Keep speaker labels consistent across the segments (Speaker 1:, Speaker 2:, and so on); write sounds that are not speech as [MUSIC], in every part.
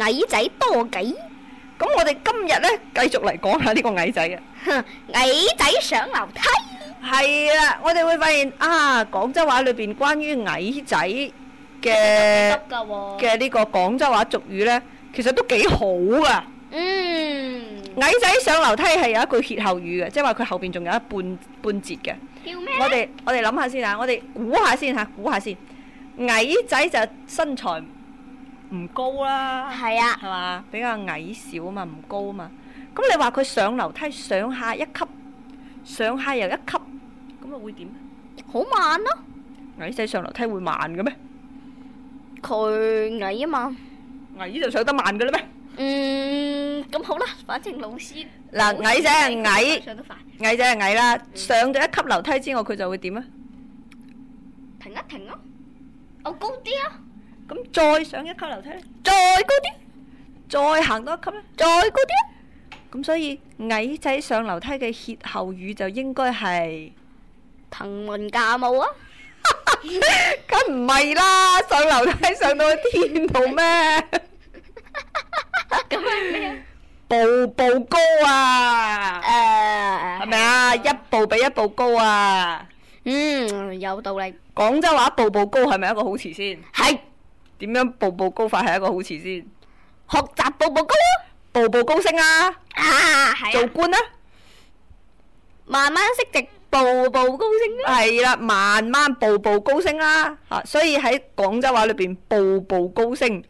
Speaker 1: 矮仔多計，咁我哋今日咧繼續嚟講下呢個矮仔啊。哼，矮仔上樓梯。係啦，我哋會發現啊，廣州話裏邊關於矮仔嘅嘅呢個廣州話俗語咧，其實都幾好啊。嗯。矮仔上樓梯係有一句歇後語嘅，即係話佢後邊仲有一半半截嘅。叫咩？我哋我哋諗下先啊，我哋估下先吓，估下先。矮仔就身材。唔高啦，係啊，係嘛，比較矮小啊嘛，唔高啊嘛。咁你話佢上樓梯上下一級，上下又一級，咁佢會點？好慢咯。矮仔上樓梯會慢嘅咩？佢矮啊嘛。矮就上得慢嘅嘞咩？嗯，咁好啦，反正老師。嗱，矮仔係矮，上得快。矮仔係矮啦，上咗一級樓梯之後佢就會點啊？停一停咯！我高啲啊！咁再上一級樓梯咧，再高啲，再行多一級咧，再高啲。咁所以矮仔上樓梯嘅歇後語就應該係騰雲駕霧啊！梗唔係啦，上樓梯上到天度咩？咁啊咩啊？步步高啊！誒，係咪啊？一步比一步高啊！嗯，有道理。廣州話步步高係咪一個好詞先？係。點樣步步高法係一個好詞先？學習步步高，步步高升啊！啊，係啊！做官啊！慢慢升級，步步高升啊！係啦，慢慢步步高升啦！啊，所以喺廣州話裏邊，步步高升，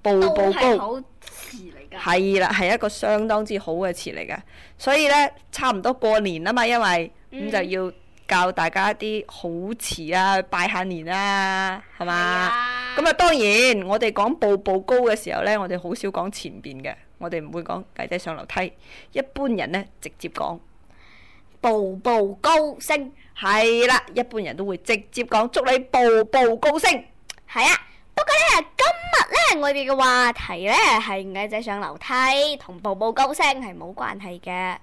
Speaker 1: 步步高，好詞嚟噶係啦，係、啊、一個相當之好嘅詞嚟噶。所以呢，差唔多過年啦嘛，因為咁、嗯、就要教大家一啲好詞啊，拜下年啦、啊，係嘛？咁啊，當然我哋講步步高嘅時候呢，我哋好少講前邊嘅，我哋唔會講矮仔上樓梯。一般人呢直接講步步高升，係啦，一般人都會直接講祝你步步高升，係啊。不過呢，今日呢，我哋嘅話題呢，係矮仔上樓梯同步步高升係冇關係嘅。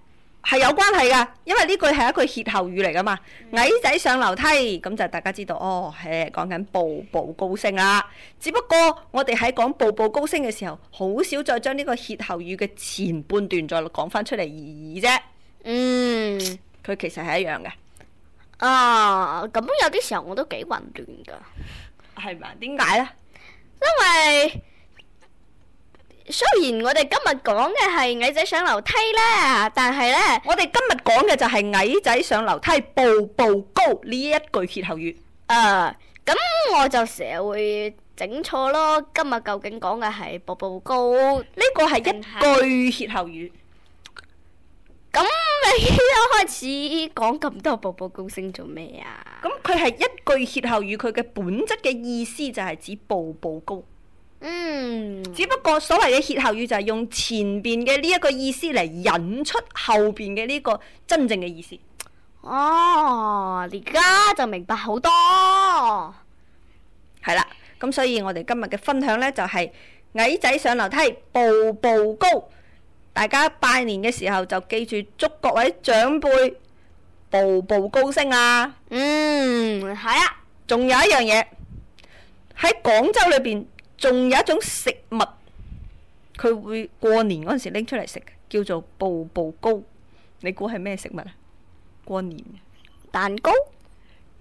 Speaker 1: 係有關係嘅，因為呢句係一句歇後語嚟噶嘛。嗯、矮仔上樓梯，咁就大家知道哦，係講緊步步高升啦。只不過我哋喺講步步高升嘅時候，好少再將呢個歇後語嘅前半段再講翻出嚟而已啫、嗯啊。嗯，佢其實係一樣嘅。啊，咁有啲時候我都幾混亂噶。係咪？點解呢？因為。雖然我哋今日講嘅係矮仔上樓梯咧，但係呢，我哋今日講嘅就係矮仔上樓梯步步高呢一句歇後語。誒，咁我就成日會整錯咯。今日究竟講嘅係步步高呢個係一句歇後語。咁你一開始講咁多步步高聲做咩啊？咁佢係一句歇後語，佢嘅本質嘅意思就係指步步高。嗯，只不過所謂嘅歇後語就係用前邊嘅呢一個意思嚟引出後邊嘅呢個真正嘅意思哦。而家就明白好多係啦。咁 [NOISE] 所以我哋今日嘅分享呢，就係，就係矮仔上樓梯步步高。大家拜年嘅時候就記住祝各位長輩步步高升啊。嗯，係啊。仲有一樣嘢喺廣州裏邊。仲有一種食物，佢會過年嗰陣時拎出嚟食，叫做步步高。你估係咩食物啊？過年蛋糕？誒、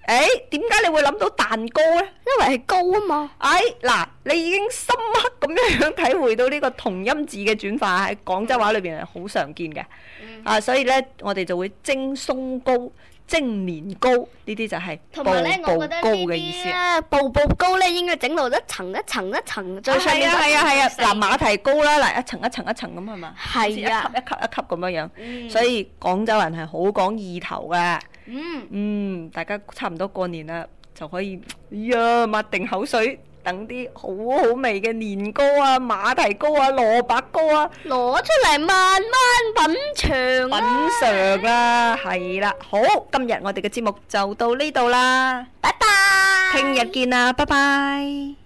Speaker 1: 哎，點解你會諗到蛋糕呢？因為係高啊嘛。誒、哎，嗱，你已經深刻咁樣樣體會到呢個同音字嘅轉化喺廣州話裏邊係好常見嘅。嗯、啊，所以呢，我哋就會蒸鬆糕。蒸年糕呢啲就係步步高嘅意思。步步高呢，應該整到一層一層一層，最上面就係啊，係啊，係啊，嗱馬蹄糕啦，嗱一層一層一層咁係嘛，係呀，一級一級一級咁樣樣，所以廣州人係好講意頭嘅。嗯，嗯，大家差唔多過年啦，就可以呀，抹定口水。等啲好好味嘅年糕啊、馬蹄糕啊、蘿蔔糕啊攞出嚟慢慢品嚐品嚐啊，係 [LAUGHS] 啦，好，今日我哋嘅節目就到呢度啦，拜啦，拜拜，聽日見啦，拜拜。